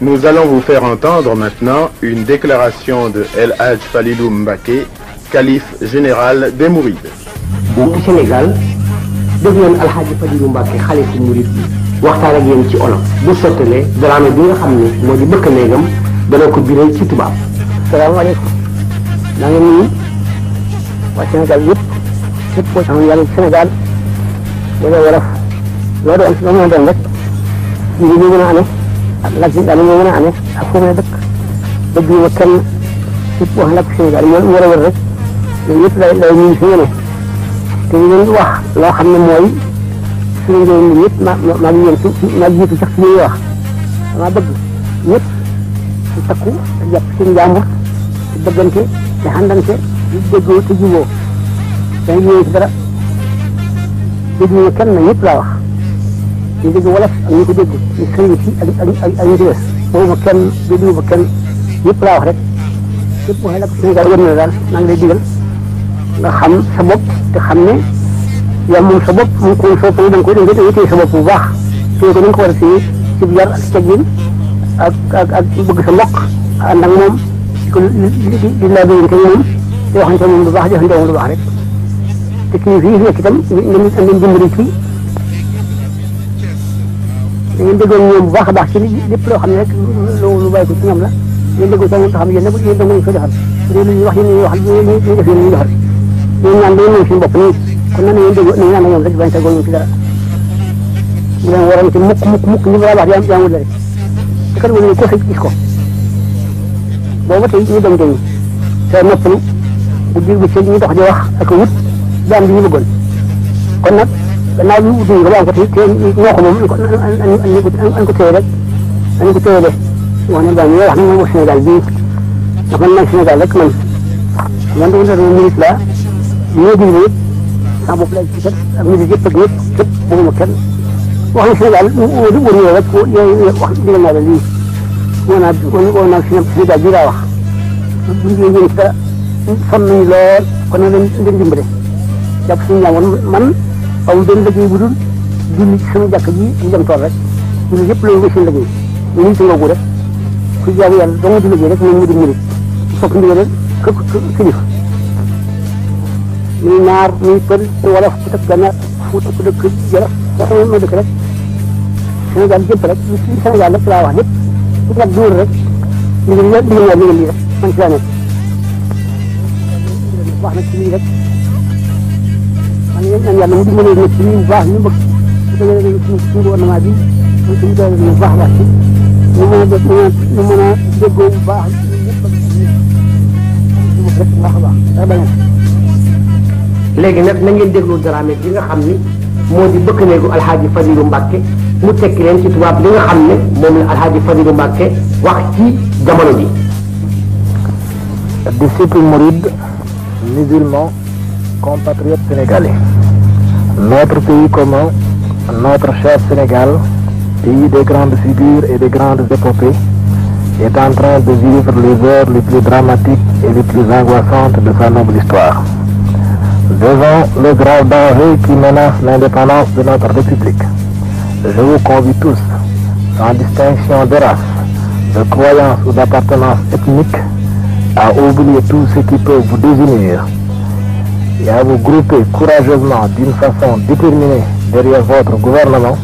Nous allons vous faire entendre maintenant une déclaration de El Hadj Falilou Mbaké, calife général des Mourides. mbokki Sénégal dégg ngeen El Hadj Falilou Mbaké xalifu Mouride bi waxtaan ak yéen ci olof bu sottalee daraame bi nga xam ne di bëkk néegam dana ko biré ci tubaab. salaamaaleykum. na ngeen nii waa Sénégal yëpp yëpp koo xam yàlla Sénégal wala wolof loolu am si ma mën a doon rek ñu ngi mën لكن قالوا لي انا عميش اكون هذاك بدي وكل يبقى هلك شيء قالوا لي ولا ورد يطلع الا يمين فينا تيجي واحد لو حنا موي سيدي يميت ما ما يمشي ما يجي في شخص واحد ما بدي يت تكو يبشن جامو بدنك جهنمك يدجو تجيبو تيجي يقدر بدي وكل يطلع واحد يجي ولا يجي يجي يخلي في أي أي أي أي جلس هو مكان بدو مكان يطلع هذا يبقى هذا كل شيء غير نزال نعمل ديال نخم سبب تخمني يا من سبب من كل شيء تقولين كلين كده يجي سبب وباخ في كلين كورسي في بيار تجين أك أك أك بقى سبب عندنا مم كل ل ل لابد يمكن مم يهانشون من بعض يهانشون من بعض تكني فيه يا كتم من من من من من من من من من من من من من من من من ngeen dëggal ñoom bu baax a baax ci lépp loo xam ne rek lu bàyyi ko ci ñoom la ngeen dëggal ko xam yéen nag yéen dong ko defal bu dee lu ñuy wax yéen ñuy wax ñu def yéen ñuy defal ñoom ñaan dañu ñëw suñu bopp nii kon nan ngeen dëgg nañ ñaan ñoom rek bañ sa góor ci dara mu leen waral ci mukk mukk mukk ñu baax yaam yaamul rek te kat wala ko xëj gis ko booba tey ñu dem dañu te noppalu bu dir bi ci ñu dox di wax ak wut daan bi ñu bëggoon kon nag gannaaw ñu ubbi nga banque bi te ñoo ko moom an ko téye an ko téye rek wax ne baa ñu wax ne moom Sénégal bii ndax man man Sénégal rek man man dama doon ministre laa ñoo dindi yëpp sama bopp laaj ci kat ak ministre yëpp ak yëpp yëpp bëgguma kenn wax ne Sénégal wóolu wóolu yow rek yow wax digal naa la lii woo naa woo naa Sénégal bii laa wax bu ñu yéen sa sonn nañu lool kon na leen leen dimbale jàpp suñu ñaamoon man amul benn liggéey bu dul julli ci sama jàkk ji ñu dem tool rek ñun yëpp loolu nga seen liggéey ñu ngi rek ku jaamu yàlla dong di liggéey rek moom mu di murit fokk ndigal rek këpp kilif muy naar muy pël wala fu dëkk gànnaar fu dëkk jolof wax ma dëkk rek Sénégal rek ci Sénégal rek laa wax lépp su nag góor rek ndigal ndigal naa wax na ci lii rek man yéen ñaan yàlla mu dimbalee nit ñi bu baax ñu bëgg su ko defee suñu gouvernement bi man suñu doole bu baax baax ci ñu mën a def ñu mën a déggoo bu baax ñëpp baax a baax day bañ léegi nag na ngeen déglu drame bi nga xam ni moo di bëkk néegu alxaaji Fadilu Mbàkke mu tekki leen ci tubaab li nga xam ne moom la alxaaji Fadilu Mbàkke wax ci jamono ji disciple mouride musulman compatriotes sénégalais, notre pays commun, notre cher Sénégal, pays des grandes figures et des grandes épopées, est en train de vivre les heures les plus dramatiques et les plus angoissantes de sa noble histoire. Devant le grave danger qui menace l'indépendance de notre République, je vous convie tous, en distinction de race, de croyance ou d'appartenance ethnique, à oublier tout ce qui peut vous désunir et à vous grouper courageusement d'une façon déterminée derrière votre gouvernement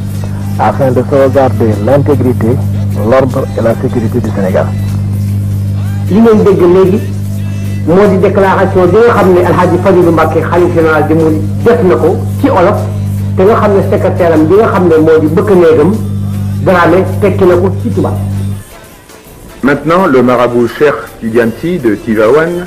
afin de sauvegarder l'intégrité, l'ordre et la sécurité du Sénégal. li ngeen dégg léegi moo di déclaration bi nga xamné ne El Hadj Fadilou Mbacké xalif général di mu def nako ci olof te nga xamné ne secrétaire am bi nga xamné ne moo di dara néegam tekki nako ci tubaab. Maintenant, le marabout Cheikh Tidiane de Tivaouane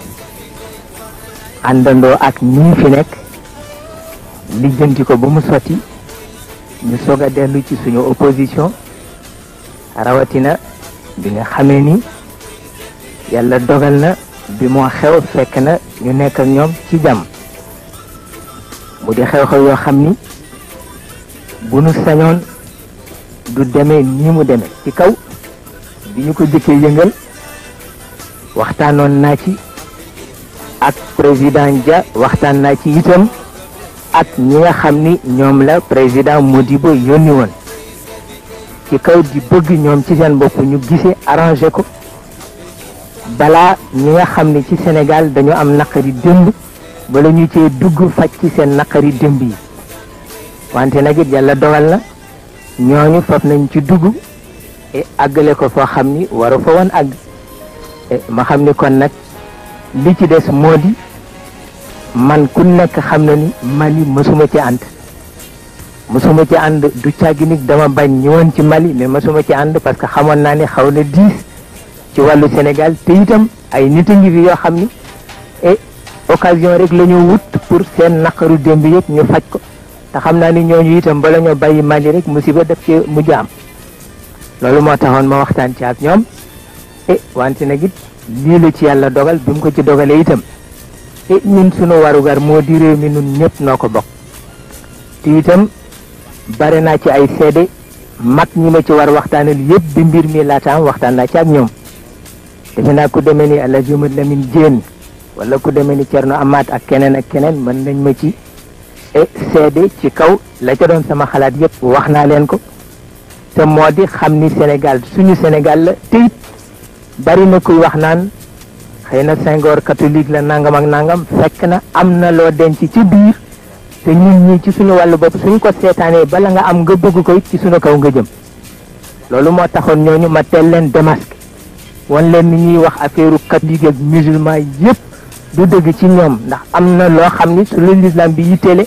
àndandoo ak ñii fi nekk lijjanti ko ba mu sotti ñu soog a dellu ci suñu opposition rawatina bi nga xamee ni yàlla dogal na bi moo xew fekk na ñu nekk ñoom ci jàmm mu di xew-xew yoo xam ni bu nu sañoon du demee nii mu demee ci kaw bi ñu ko jëkkee yëngal waxtaanoon naa ci président Dia waxtaan naa ci itam ak ñi nga xam ni ñoom la président Modibo yónni woon ci kaw di bëgg ñoom ci seen bopp ñu gisee arrangé ko balaa ñi nga xam ni ci Sénégal dañu am naqari démb bala ñu ci dugg faj ci seen naqari démb yi wante nag it yàlla dogal na ñooñu faf nañ ci dugg et ko foo xam ni waru fa woon àgg e ma xam ni kon nag li ci des moo man ku nekk xam na ni Mali mësuma ci ànd mësuma ci ànd du càggi nit dama bañ ñëwoon ci Mali mais mësuma ci ànd parce que xamoon naa ni xaw na diis ci wàllu Sénégal te itam ay nit a ngi fi yoo xam ni et occasion rek la wut pour seen naqaru démb yëpp ñu faj ko te xam naa ni ñooñu itam bala ñoo bàyyi Mali rek musiba def ci mujj am loolu moo taxoon ma waxtaan ci ak ñoom et wante nag it lii la ci yàlla dogal bi ko ci dogalee itam. ñun sunu warugar moo di réew mi nun ñëpp noo ko bokk te itam bare naa ci ay seede mag ñi ma ci war waxtaanal yëpp bi mbir mi laataam waxtaan naa ci ak ñoom defe naa ku demee ni El Hadj Omar Lamine Diène wala ku demee ni Thierno Amath ak keneen ak keneen mën nañ ma ci eh, seede ci kaw la ca doon sama xalaat yëpp wax naa leen ko te moo di xam ni Sénégal suñu Sénégal la te bari na kuy wax naan xëy na Senghor catholique la nangam ak nangam fekk na am na loo denc ci biir te ñun ñii ci suñu wàllu bopp suñ ko seetaanee bala nga am nga bëgg ko ci suñu kaw nga jëm loolu moo taxoon ñooñu ma teel leen démasqué wan leen ni ñuy wax affaire catholique ak musulman yépp du dëgg ci ñoom ndax am na loo xam ni su lu l'islam bi yitteele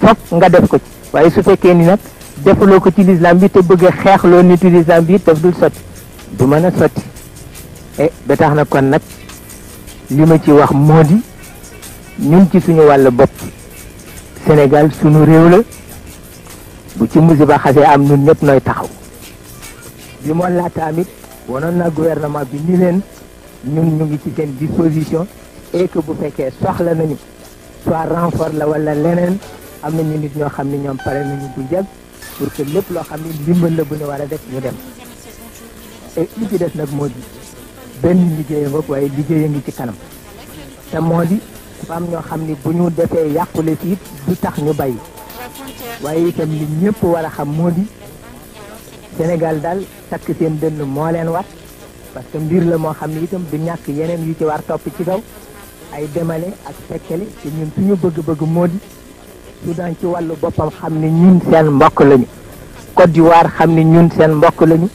fokk nga def ko ci waaye su fekkee ni nag defaloo ko ci l'islam bi te bëgg a xeex loo nitu l'islam bi daf dul sotti du mën a sotti eh, na kon nag li ma ci wax moo di ñun ci suñu wàll bopp Sénégal suñu réew la bu ci musiba xasee am nu ñëpp nooy taxaw bi moo laata amit wanoon na gouvernement bi ni leen ñun ñu ngi ci seen disposition et que bu fekkee soxla nañu soit renfort la wala leneen am na ñu nit ñoo xam ne ñoom pare nañu bu jag pour que lépp loo xam ne ndimbal la bu ñu war a def ñu dem et li ci des nag moo di benn liggéey waaye liggéey a ngi ci kanam te moo di dafa ñoo xam ni bu ñu defee yàqule ci it du tax ñu bàyyi waaye itam li ñëpp war a xam moo di Sénégal daal takk seen dënn moo leen war parce que mbir la moo xam ne itam du ñàkk yeneen yu ci war topp ci kaw ay demale ak fekkale te ñun suñu bëgg-bëgg moo di Soudan ci wàllu boppam xam ne ñun seen mbokk lañu Côte d'Ivoire xam ni ñun seen mbokk lañu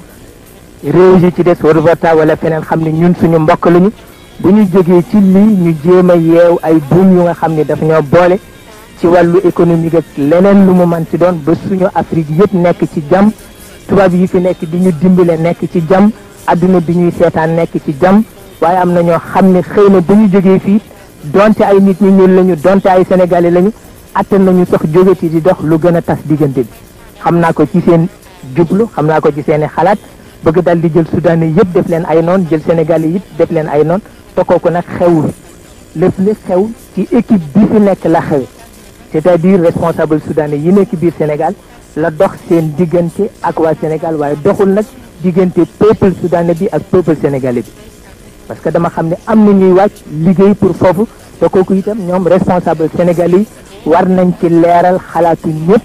réew yi ci des Haute-Volta wala feneen xam ne ñun suñu mbokk lañu bu ñu jógee ci lii ñu jéem a yeew ay buum yu nga xam ne dafa ñoo boole ci wàllu économique ak leneen lu mu mën ci doon ba suñu Afrique yëpp nekk ci jam tubaab yi fi nekk di ñu dimbale nekk ci jam adduna bi ñuy seetaan nekk ci jam waaye am na ñoo xam ne xëy na bu ñu jógee fii donte ay nit ñu ñuul lañu donte ay sénégalais lañu attan nañu sax jógati di dox lu gën a tas diggante bi xam naa ko ci seen jublu xam naa ko ci seen i xalaat bëgg dal di jël soudanais yëpp def leen ay noon jël sénégalais yëpp def leen ay noon te kooku nag xewul lépp li xew ci équipe bi fi nekk la xew c'est-à-dire responsable soudanais yi nekk biir Sénégal la dox seen diggante ak waa Sénégal waaye doxul nag diggante peuple soudanais bi ak peuple sénégalais bi parce que dama xam ne am na ñuy wàcc liggéey pour foofu te kooku itam ñoom responsable sénégalais yi war nañ ci leeral xalaatu ñëpp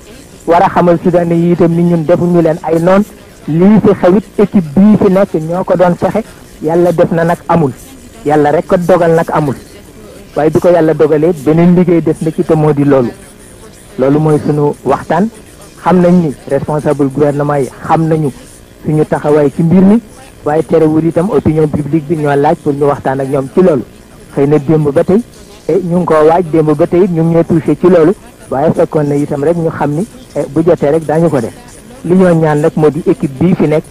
war a xamal soudanais yi itam ni ñun defuñu leen ay noon lii fi xewit équipe bii fi nekk ñoo ko doon fexe yàlla def na nag amul yàlla rek ko dogal nag amul waaye bi ko yàlla dogalee beneen liggéey def na ci te moo di loolu loolu mooy suñu waxtaan xam nañ ni responsable gouvernement yi xam nañu suñu taxawaay ci mbir mi waaye terewul itam opinion publique bi ñoo laaj pour ñu waxtaan ak ñoom ci loolu xëy na démb ba tey eh, ñu ngi ko waaj démb ba tey ñu ngi ñoo ci loolu waaye fekkoon na itam rek ñu xam ni eh, bu jotee rek daañu ko def li ñoo ñaan rek moo di équipe bii fi nekk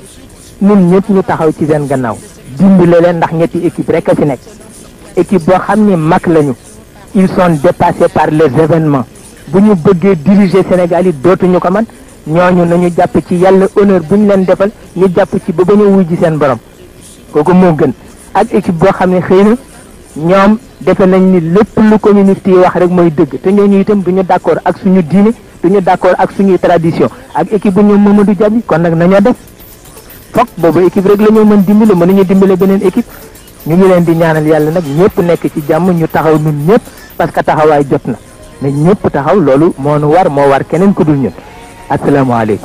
ñun ñëpp ñu taxaw ci seen gannaaw dimbale leen ndax ñetti équipe rek a fi nekk équipe boo xam ni mag lañu ils sont dépassés par les événements bu ñu bëggee diriger Sénégal yi dootuñu ko man ñooñu nañu jàpp ci yàlla honneur bu ñu leen defal ñu jàpp ci ba ba ñu wuy ji seen borom kooku moo gën ak équipe boo xam ne xëy na ñoom defe nañ ni lépp lu communiste yi wax rek mooy dëgg te ñoo ñu itam bu ñu d'accord ak suñu diine suñu d'accord ak suñuy tradition ak équipe bu ñoom Mamadou Diaby kon nag nañoo def foog boobu équipe rek la ñoo mën dimbale mën nañu dimbale beneen équipe ñu ngi leen di ñaanal yàlla nag ñëpp nekk ci jàmm ñu taxaw ñun ñëpp parce que taxawaay jot na ne ñëpp taxaw loolu moo nu war moo war keneen ku dul ñun asalaamaaleykum